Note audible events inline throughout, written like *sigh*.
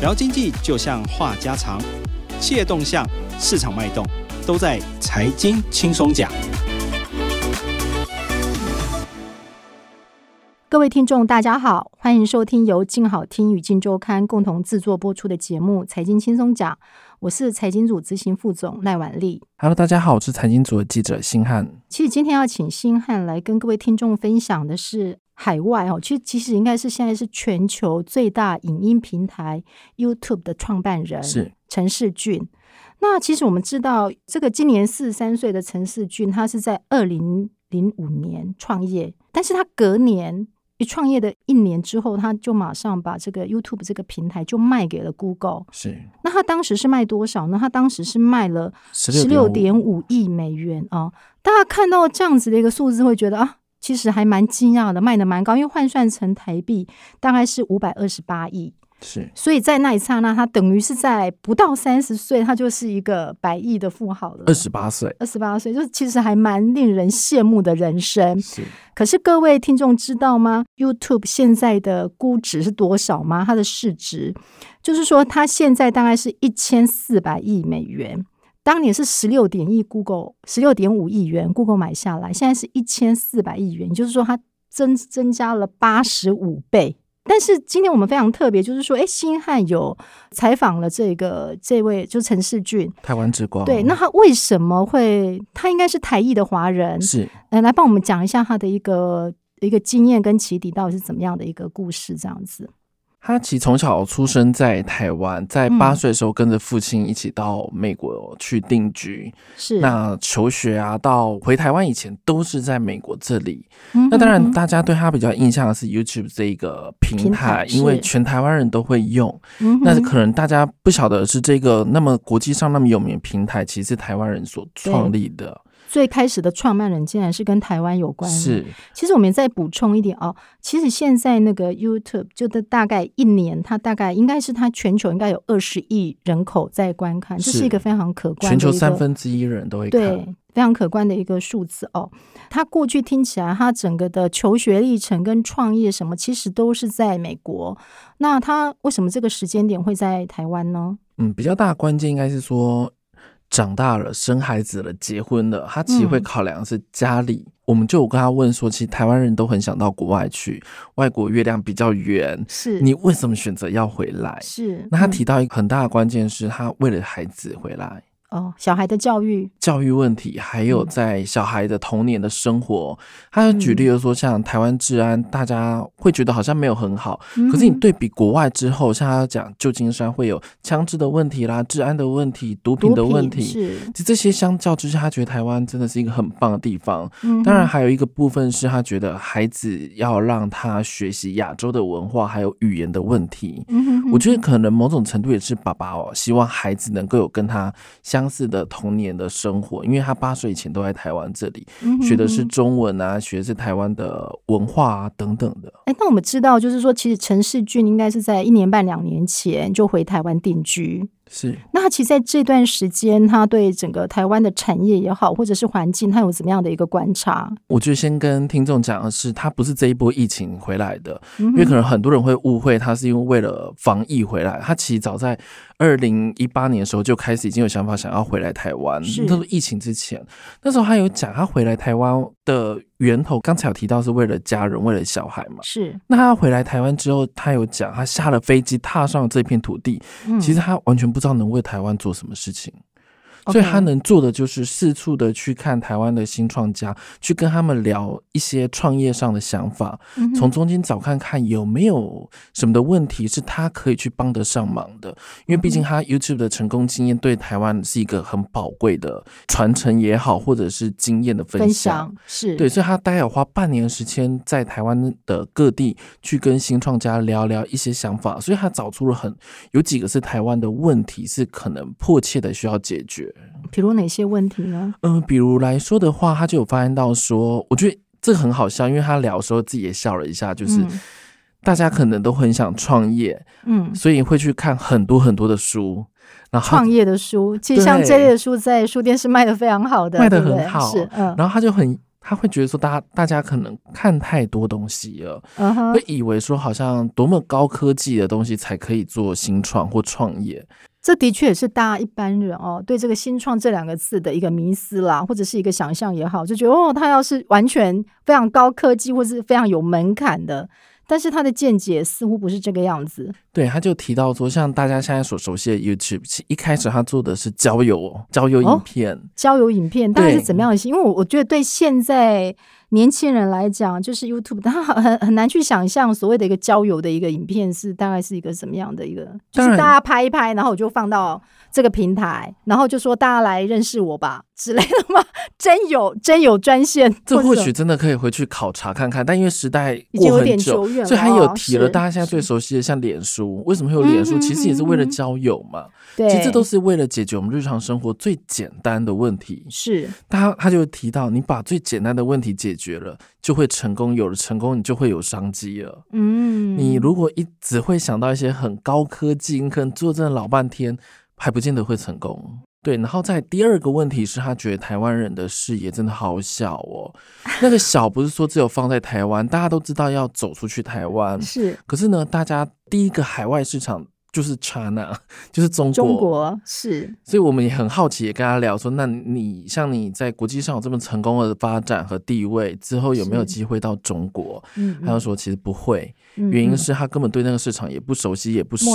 聊經濟就像話家常，企業動向、市場脈動，都在財經輕鬆講。各位聽眾，大家好，歡迎收聽由鏡好聽與鏡週刊共同製作播出的節目《財經輕鬆講》，我是財經組執行副總賴婉麗。Hello，大家好，我是財經組的記者辛漢。其實今天要請辛漢來跟各位聽眾分享的是。海外哦，其實其實應該是現在是全球最大影音平台 YouTube 的創辦人是陳士駿。那其實我們知道，這個今年四十三歲的陳士駿，他是在二零零五年創業，但是他隔年一創業的一年之後，他就馬上把這個 YouTube 這個平台就賣給了 Google。是。那他當時是賣多少呢？他當時是賣了十六點五億美元啊，呃！大家看到這樣子的一個數字，會覺得啊。其實還蠻驚訝的，賣的蠻高，因為換算成台幣大概是五百二十八億，是，所以在那一剎那，他等於是在不到三十歲，他就是一個百億的富豪了。二十八歲，二十八歲，就其實還蠻令人羨慕的人生。是，可是各位聽眾知道嗎？YouTube 現在的估值是多少嗎？它的市值，就是說它現在大概是一千四百億美元。當年是十六點億，Google 十六點五億元，Google 買下來，現在是一千四百億元，也就是說它增增加了八十五倍。但是今天我們非常特別，就是說，哎，新漢有採訪了這個這位，就陳士駿，台灣之光。對，那他為什麼會？他應該是台裔的華人，是，呃，來幫我們講一下他的一個一個經驗跟起底到底是怎麼樣的一個故事，這樣子。他其實從小出生在台灣，在八歲的時候跟着父親一起到美國去定居。嗯，是。那求學啊，到回台灣以前都是在美國這裡。嗯嗯。那當然，大家對他比較印象的是 YouTube 這一個平台，平台，因為全台灣人都會用。嗯哼。那可能大家不曉得是這個那麼國際上那麼有名的平台，其實是台灣人所創立的。最開始的創辦人竟然是跟台灣有關。是，其實我們再補充一點哦，其實現在那個 YouTube，就是大概一年，它大概應該是它全球應該有二十億人口在觀看，是，這是一個非常可觀。全球三分之一人都會看，對，非常可觀的一個數字哦。他過去聽起來，他整個的求學歷程跟創業什麼，其實都是在美國。那他為什麼這個時間點會在台灣呢？嗯，比較大的關鍵應該是說。長大了，生孩子了，結婚了，他其實會考量的是家裡。嗯、我們就有跟他問說，其實台灣人都很想到國外去，外國月亮比較圓。是。你為什麼選擇要回來？是。那他提到一個很大的關鍵是他為了孩子回來。哦，oh, 小孩的教育、教育問題，還有在小孩的童年的生活，嗯、他舉例如說，像台灣治安，大家會覺得好像沒有很好，嗯、哼可是你對比國外之後，像他講舊金山會有槍支的問題啦、治安的問題、毒品的問題，是其實這些相較之下，他覺得台灣真的是一個很棒的地方。嗯、哼當然，還有一個部分是他覺得孩子要讓他學習亞洲的文化還有語言的問題。嗯哼哼，我覺得可能某種程度也是爸爸哦，希望孩子能夠有跟他相。相似的童年的生活，因為他八歲以前都在台灣這裡，嗯、哼學的是中文啊，學的是台灣的文化啊等等的。哎、欸，那我們知道，就是說，其實陳士駿應該是在一年半兩年前就回台灣定居。是，那他其實在這段時間，他對整個台灣的產業也好，或者是環境，他有怎麼樣的一個觀察？我就先跟聽眾講的是，他不是這一波疫情回來的，嗯、哼因為可能很多人會誤會他是因為為了防疫回來。他其實早在二零一八年的時候就開始已經有想法想要回來台灣，那是，是疫情之前。那時候他有講，他回來台灣的源頭，剛才有提到是為了家人，為了小孩嘛。是。那他回來台灣之後，他有講，他下了飛機，踏上了這片土地，嗯。其實他完全不知道能為台灣做什麼事情。所以他能做的就是四處的去看台灣的新創家，Okay. 去跟他們聊一些創業上的想法，從、mm hmm. 中間找看看有沒有什麼的問題是他可以去幫得上忙的。因為畢竟他 YouTube 的成功經驗對台灣是一個很寶貴的傳承也好，或者是經驗的分享,分享,是。對，所以他大概有花半年時間在台灣的各地去跟新創家聊聊一些想法，所以他找出了很有幾個是台灣的問題是可能迫切的需要解決。比如哪些問題呢？嗯，比如來說的話，他就有發現到說，我覺得這個很好笑，因為他聊的時候自己也笑了一下，就是、嗯、大家可能都很想創業，嗯，所以會去看很多很多的書，然後創業的書，其實像這類的書在書店是賣得非常好的，對賣得很好，是嗯、然後他就很他會覺得說，大家大家可能看太多東西了，會、嗯、哼以為說好像多麼高科技的東西才可以做新創或創業。這的確也是大家一般人哦，對這個“新創”這兩個字的一個迷思啦，或者是一個想象也好，就覺得哦，它要是完全非常高科技，或是非常有門檻的，但是他的見解似乎不是這個樣子。對，他就提到說，像大家現在所熟悉的 YouTube，一開始他做的是交友，交友影片。哦、交友影片大概是怎麼樣的？對因為我覺得對現在年輕人來講，就是 YouTube，他很很難去想象所謂的一個交友的一個影片是大概是一個什麼樣的一個，然就是大家拍一拍，然後我就放到這個平台，然後就說大家來認識我吧之類的嗎？真有真有專線，這或許真的可以回去考察看看。但因為時代很已經有點久遠了，所以還有提了、哦、大家現在最熟悉的是像臉書。為什麼會有臉書？其實也是為了交友嘛。其實這都是為了解決我們日常生活最簡單的問題。是他，他就提到，你把最簡單的問題解決了，就會成功。有了成功，你就會有商機了。嗯，你如果一直會想到一些很高科技，你可能做這老半天還不見得會成功。對，然後在第二個問題是，他覺得台灣人的視野真的好小哦。 *laughs* 那個小不是說只有放在台灣，大家都知道要走出去台灣是，可是呢，大家第一個海外市場就是 China，就是中國。中國是，所以我們也很好奇，也跟他聊說，那你，你像你在國際上有這麼成功的發展和地位之後，有沒有機會到中國？嗯，他就說其實不會。原因是他根本對那個市場也不熟悉，也不熟。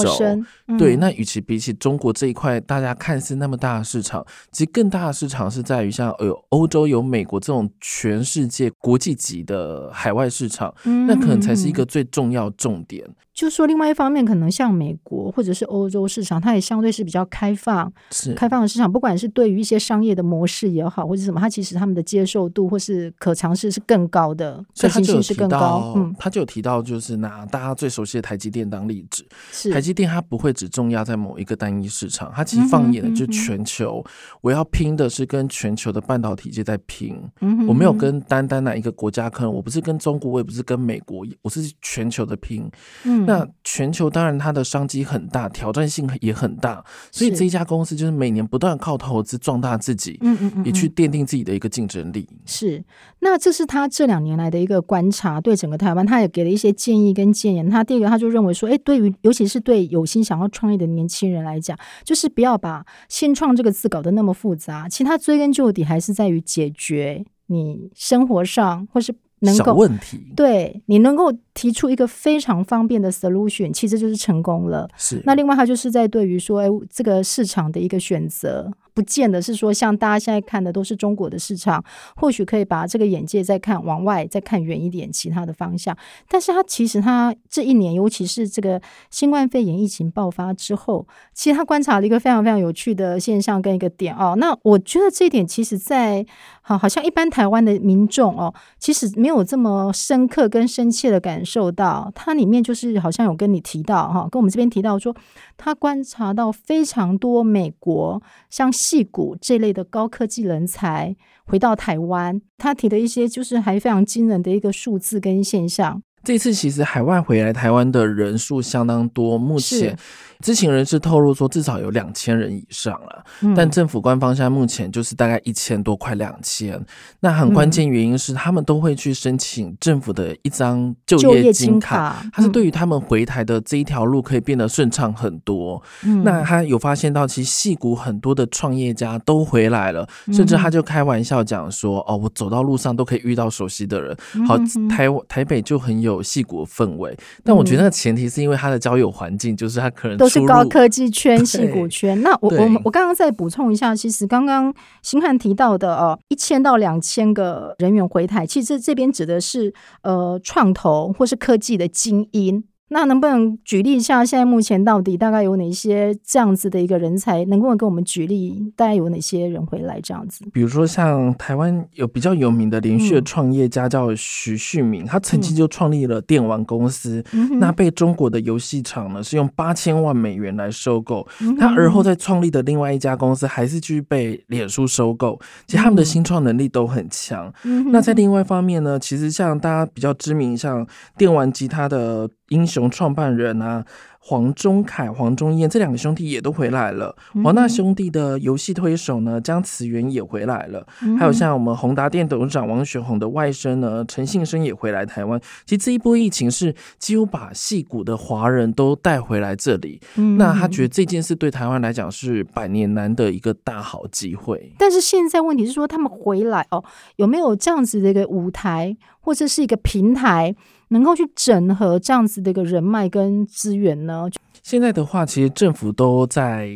嗯、對，那與其比起中國這一塊，大家看似那麼大的市場，其實更大的市場是在於像歐洲、有美國這種全世界國際級的海外市場，嗯、那可能才是一個最重要重點。就是說另外一方面，可能像美國或者是歐洲市場，它也相對是比較開放，是開放的市場。不管是對於一些商業的模式也好，或者什麼，它其實他們的接受度或是可嘗試是更高的，可行性是更高。嗯，他就有提到，嗯、就提到就是拿大家最熟悉的台積電當例子。是，台積電它不會只重壓在某一個單一市場，它其實放眼的、嗯嗯、就是全球。我要拼的是跟全球的半導體界在拼。嗯哼嗯哼，我沒有跟單單哪一個國家，可能我不是跟中國，我也不是跟美國，我是全球的拼。嗯。那全球當然它的商機很大，挑戰性也很大，所以這一家公司就是每年不斷靠投資壯大自己，嗯嗯嗯，也去奠定自己的一個競爭力。是，那這是他這兩年來的一個觀察，對整個台灣，他也給了一些建議跟建言。他第一個，他就認為說，哎、欸，對於尤其是對有心想要創業的年輕人來講，就是不要把“新創”這個字搞得那麼複雜，其實他追根究底還是在於解決你生活上或是。能夠問題，對你能夠提出一個非常方便的 solution，其實就是成功了。是，那另外它，就是在對於說，誒，這個市場的一個選擇。不見得是說像大家現在看的都是中國的市場，或許可以把這個眼界再看往外，再看遠一點，其他的方向。但是他其實他這一年，尤其是這個新冠肺炎疫情爆發之後，其實他觀察了一個非常非常有趣的現象跟一個點哦。那我覺得這一點其實在，在好好像一般台灣的民眾哦，其實沒有這麼深刻跟深切的感受到。它裡面就是好像有跟你提到哈、哦，跟我們這邊提到說，他觀察到非常多美國像。矽谷這類的高科技人才回到台灣，他提的一些就是還非常驚人的一個數字跟現象。這次其實海外回來台灣的人數相當多，目前知情人士透露說至少有兩千人以上了。是但政府官方現在目前就是大概一千多快2000，嗯，快兩千。那很關鍵原因是他們都會去申請政府的一張就業金卡，他是對於他們回台的這一條路可以變得順暢很多。嗯、那他有發現到，其實矽谷很多的創業家都回來了，嗯、甚至他就開玩笑講說：“哦，我走到路上都可以遇到熟悉的人。”好，台台北就很有。有矽谷氛圍，但我覺得那前提是因為他的交友環境，嗯、就是他可能都是高科技圈、矽對谷圈。那我對我我剛剛再補充一下，其實剛剛新漢提到的哦，一千到兩千個人員回台，其實這邊指的是呃創投或是科技的菁英。那能不能舉例一下？現在目前到底大概有哪些這樣子的一個人才？能不能給我們舉例？大概有哪些人會來這樣子？比如說像台灣有比較有名的連續創業家叫徐旭明，嗯、他曾經就創立了電玩公司，嗯、哼那被中國的遊戲廠呢是用八千萬美元來收購。嗯、哼他而後在創立的另外一家公司還是繼續被臉書收購。其實他們的新創能力都很強。嗯、哼那在另外一方面呢，其實像大家比較知名，像電玩吉他的。英雄創辦人啊，黃忠凱、黃忠燕這兩個兄弟也都回來了。華納兄弟的遊戲推手呢，嗯、江慈源也回來了。嗯、還有像我們宏達電董事長王雪紅的外甥呢，陳信生也回來台灣。其實這一波疫情是幾乎把矽谷的華人都帶回來這裡。嗯、那他覺得這件事對台灣來講是百年難得一個大好機會。但是現在問題是說他們回來哦，有沒有這樣子的一個舞台？或者是一個平台，能夠去整合這樣子的一個人脈跟資源呢？現在的話，其實政府都在。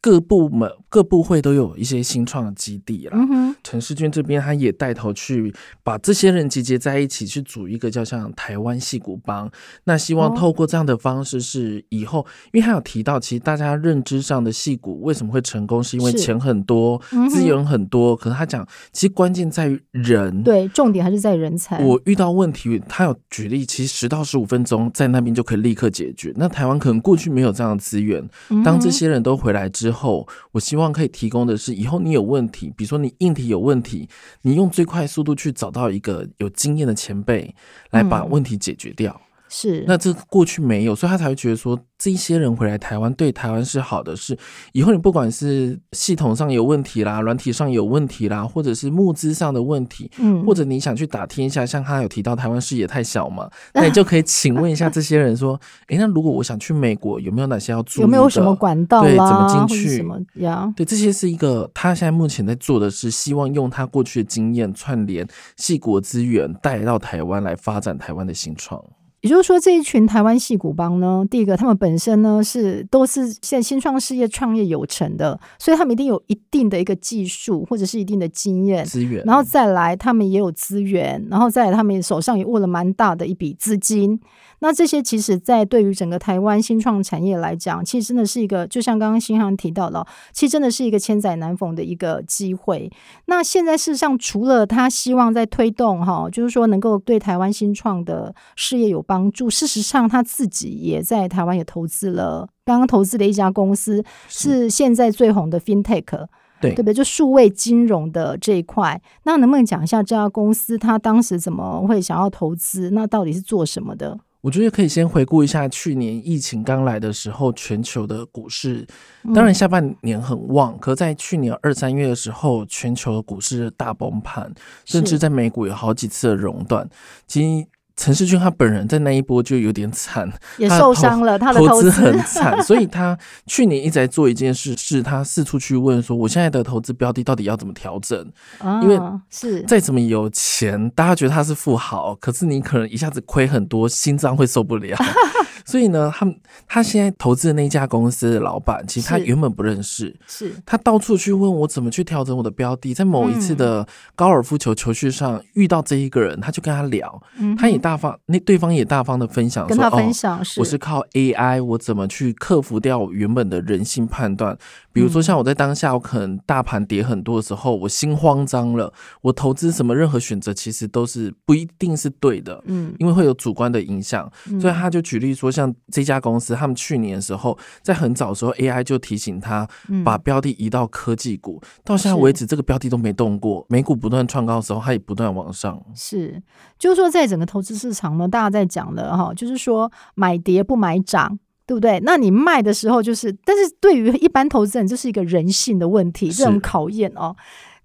各部門、各部會都有一些新創的基地啦。陳士駿這邊他也帶頭去把這些人集結在一起，去組一個叫像台灣矽谷幫。那希望透過這樣的方式，是以後，哦、因為他有提到，其實大家認知上的矽谷為什麼會成功，是因為錢很多、資是源很多。嗯、哼可是他講，其實關鍵在於人，對，重點還是在人才。我遇到問題，他有舉例，其實十到十五分鐘在那邊就可以立刻解決。嗯、哼那台灣可能過去沒有這樣的資源，嗯、哼當這些人都回來之後，之後，我希望可以提供的是，以後你有問題，比如說你硬體有問題，你用最快速度去找到一個有經驗的前輩來把問題解決掉。嗯是，那這過去沒有，所以他才會覺得說，這些人回來台灣對台灣是好的事。以後你不管是系統上有問題啦、軟體上有問題啦，或者是募資上的問題，嗯，或者你想去打聽一下，像他有提到台灣視野太小嘛，嗯、那你就可以請問一下這些人說，哎、 *laughs* 欸，那如果我想去美國，有沒有哪些要做，有沒有什麼管道啦，對，怎麼進去？什麼呀？對，這些是一個他現在目前在做的是，希望用他過去的經驗串聯矽谷資源帶到台灣來發展台灣的新創。也就是說，這一群台灣矽谷幫呢，第一個，他們本身呢是都是現在新創事業、創業有成的，所以他們一定有一定的一個技術，或者是一定的經驗資源，然後再來，他們也有資源，然後再來，他們手上也握了蠻大的一筆資金。那這些其實，在對於整個台灣新創產業來講，其實真的是一個，就像剛剛新航提到的，其實真的是一個千載難逢的一個機會。那現在事實上，除了他希望在推動哈，就是說能夠對台灣新創的事業有幫助，事實上他自己也在台灣也投資了，剛剛投資的一家公司是現在最紅的 FinTech，是對,對，對不對，就數位金融的這一塊。對那能不能講一下這家公司，他當時怎麼會想要投資？那到底是做什麼的？我覺得可以先回顧一下去年疫情剛來的時候，全球的股市，當然下半年很旺。嗯、可在去年二三月的時候，全球的股市大崩盤，甚至在美股有好幾次的熔斷。今陳士駿他本人在那一波就有點慘，也受傷了，投了，他的投資很慘， *laughs* 所以他去年一直在做一件事，是他四處去問說，我現在的投資標的到底要怎麼調整？哦，因為是再怎麼有錢，是大家覺得他是富豪，可是你可能一下子虧很多，心臟會受不了。 *laughs* 所以呢，他們他現在投資的那家公司的老板，其實他原本不認識，是,是他到處去問我怎麼去調整我的標的。在某一次的高爾夫球球序上遇到這一個人，他就跟他聊，嗯、哼他也大方，那對方也大方的分享說，跟他分享、哦、是，我是靠 AI，我怎麼去克服掉我原本的人性判斷？比如說像我在當下，我可能大盤跌很多的時候，嗯、我心慌張了，我投資什麼任何選擇其實都是不一定是對的，嗯，因為會有主觀的影響，所以他就舉例說。像這家公司，他們去年的時候，在很早的時候 AI 就提醒他把標的移到科技股，嗯、到現在為止這個標的都沒動過。是美股不斷創高的時候，它也不斷往上。是，就是說，在整個投資市場呢，大家在講的哈、哦，就是說買跌不買漲，對不對？那你賣的時候就是，但是對於一般投資人，這是一個人性的問題，是這種考驗哦。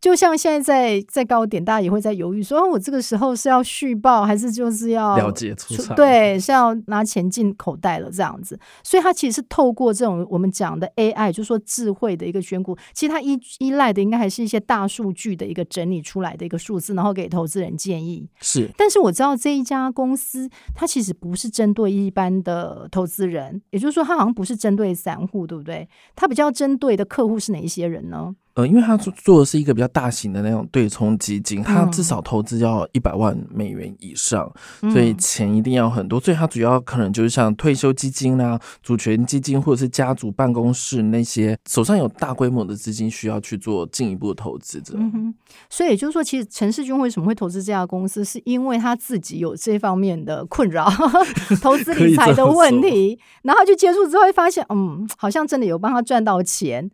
就像現在在在高點，大家也會在猶豫說，說、啊、我這個時候是要續報，還是就是要了解出場？對，是要拿錢進口袋了這樣子。所以它其實是透過這種我們講的 AI，就是說智慧的一個選股，其實它依依賴的應該還是一些大數據的一個整理出來的一個數字，然後給投資人建議。是，但是我知道這一家公司，它其實不是針對一般的投資人，也就是說，它好像不是針對散戶，對不對？它比較針對的客戶是哪一些人呢？呃，因為他做做的是一個比較大型的那種對沖基金，嗯、他至少投資要一百萬美元以上，嗯、所以錢一定要很多。所以他主要可能就是像退休基金啦、啊、主權基金或者是家族辦公室那些，手上有大規模的資金需要去做進一步投資這樣。嗯哼，所以也就是說，其實陳士駿為什麼會投資這家公司，是因為他自己有這方面的困擾， *laughs* 投資理財的問題， *laughs* 然後就接觸之後發現，嗯，好像真的有幫他賺到錢。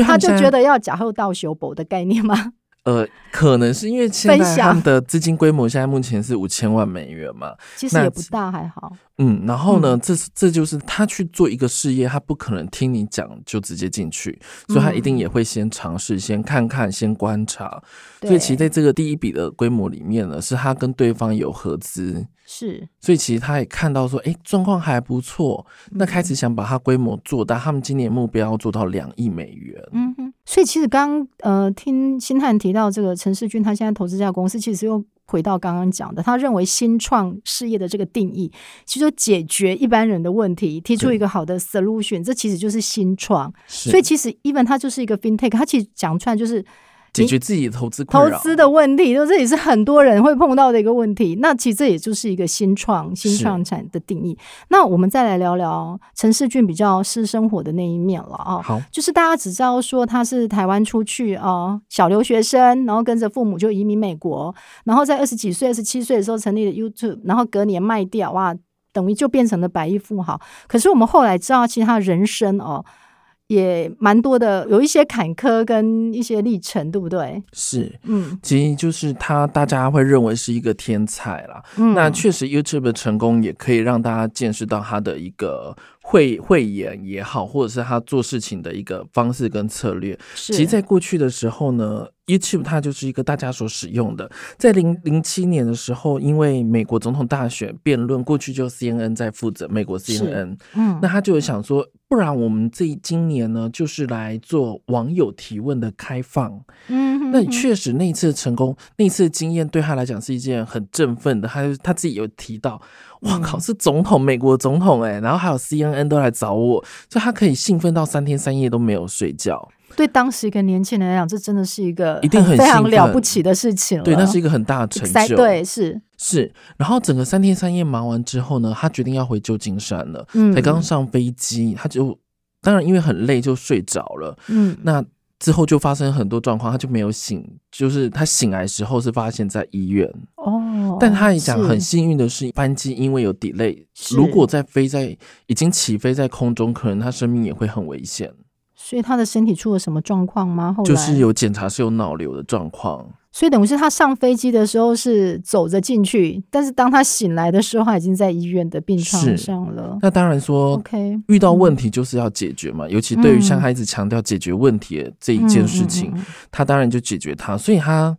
他就覺得要假後道修補的概念嗎？ *music* 呃，可能是因為現在他們的資金規模現在目前是五千萬美元嘛，其實也不大，還好。嗯，然後呢，嗯、這是這就是他去做一個事業，他不可能聽你講就直接進去，嗯、所以他一定也會先嘗試，先看看，先觀察。對所以，其實在這個第一筆的規模裡面呢，是他跟對方有合資，是。所以，其實他也看到說，哎、欸，狀況還不錯，嗯、那開始想把他規模做大。他們今年目標要做到兩億美元。嗯所以其實剛，剛呃聽新探提到這個陳士駿，他現在投資這家公司，其實又回到剛剛講的，他認為新創事業的這個定義，其實解決一般人的問題，提出一個好的 solution，是這其實就是新創。是所以其實 even 它，就是一個 fintech，它其實講出來就是。解決自己投資投資的問題，就這也是很多人會碰到的一個問題。那其實這也就是一個新創新創產的定義。是那我們再來聊聊陳士駿比較私生活的那一面了啊。好就是大家只知道說他是台灣出去啊小留學生，然後跟着父母就移民美國，然後在二十幾歲、二十七歲的時候成立了 YouTube，然後隔年賣掉、啊，哇，等於就變成了百億富豪。可是我們後來知道，其實他的人生哦、啊。也蠻多的，有一些坎坷跟一些歷程，對不對？是，嗯，其實就是他，大家會認為是一個天才啦。嗯，那確實，YouTube 的成功也可以讓大家見識到他的一個。會會演也好，或者是他做事情的一個方式跟策略，是其實在過去的時候呢，YouTube 它就是一個大家所使用的。在零零七年的時候，因為美國總統大選辯論，過去就 CNN 在負責美國 CNN，嗯，那他就想說，不然我們這今年呢，就是來做網友提問的開放。嗯哼哼，那確實那一次成功，那次經驗對他來講是一件很振奮的。他他自己有提到。我靠，是總統，美國總統哎、欸，然後還有 CNN 都來找我，就他可以興奮到三天三夜都沒有睡覺。對，當時一個年輕人來講，這真的是一個一定非常了不起的事情。對，那是一個很大的成就。Exactly, 對，是是。然後整個三天三夜忙完之後呢，他決定要回舊金山了。嗯，才剛上飛機，他就當然因為很累就睡着了。嗯，那。之後就發生很多狀況，他就沒有醒，就是他醒來的時候是發現，在醫院哦。Oh, 但他也想很幸運的是，是班機因為有 delay，是如果在飛在已經起飛在空中，可能他生命也會很危險。所以他的身體出了什麼狀況嗎？後來就是有檢查是有腦瘤的狀況。所以等於是他上飛機的時候是走着進去，但是當他醒來的時候，已經在醫院的病床上了。那當然說，OK，遇到問題就是要解決嘛，嗯、尤其對於像孩子強調解決問題的這一件事情，嗯嗯嗯嗯、他當然就解決他。所以他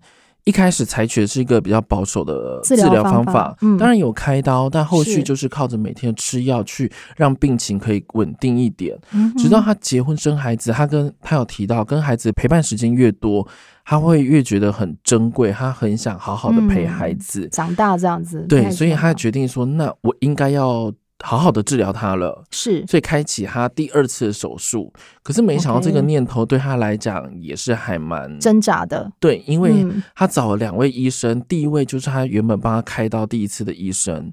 一開始採取的是一個比較保守的治療方法，方法嗯、當然有開刀，但後續就是靠着每天吃藥去讓病情可以穩定一點，嗯嗯、直到他結婚生孩子，他跟他有提到，跟孩子陪伴時間越多。他會越覺得很珍貴，他很想好好的陪孩子，嗯、長大，這樣子。對，所以他決定說：“那我應該要好好的治療他了。”是，所以開啟他第二次的手術。可是沒想到，這個念頭 Okay 對他來講也是還蠻掙扎的。對，因為他找了兩位醫生，嗯、第一位就是他原本幫他開刀第一次的醫生，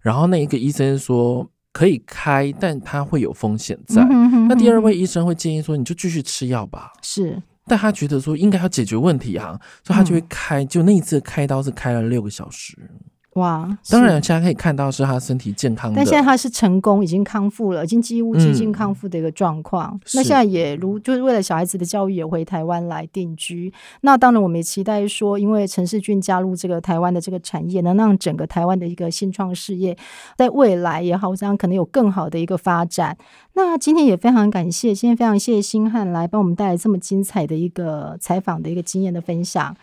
然後那一個醫生說可以開，但他會有風險在。嗯、哼哼哼，那第二位醫生會建議說：“你就繼續吃藥吧。”是。但他覺得說應該要解決問題哈、啊，所以他就會開，就那一次開刀是開了六個小時。嗯哇，當然，現在可以看到是他身體健康的，但現在他是成功，已經康復了，已經幾乎接近康復的一個狀況。嗯、那現在也如，就是為了小孩子的教育，也回台灣來定居。那當然，我們也期待說，因為陳士駿加入這個台灣的這個產業，能讓整個台灣的一個新創事業在未來也好，我想可能有更好的一個發展。那今天也非常感謝，今天非常謝謝新漢來幫我們帶來這麼精彩的一個採訪的一個經驗的分享。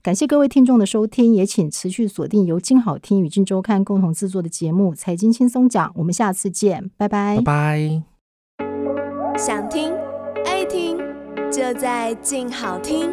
感謝各位聽眾的收聽，也請持續鎖定由鏡好聽與鏡週刊共同製作的節目《財經輕鬆講》，我們下次見，拜拜。拜拜。想聽，愛聽，就在鏡好聽。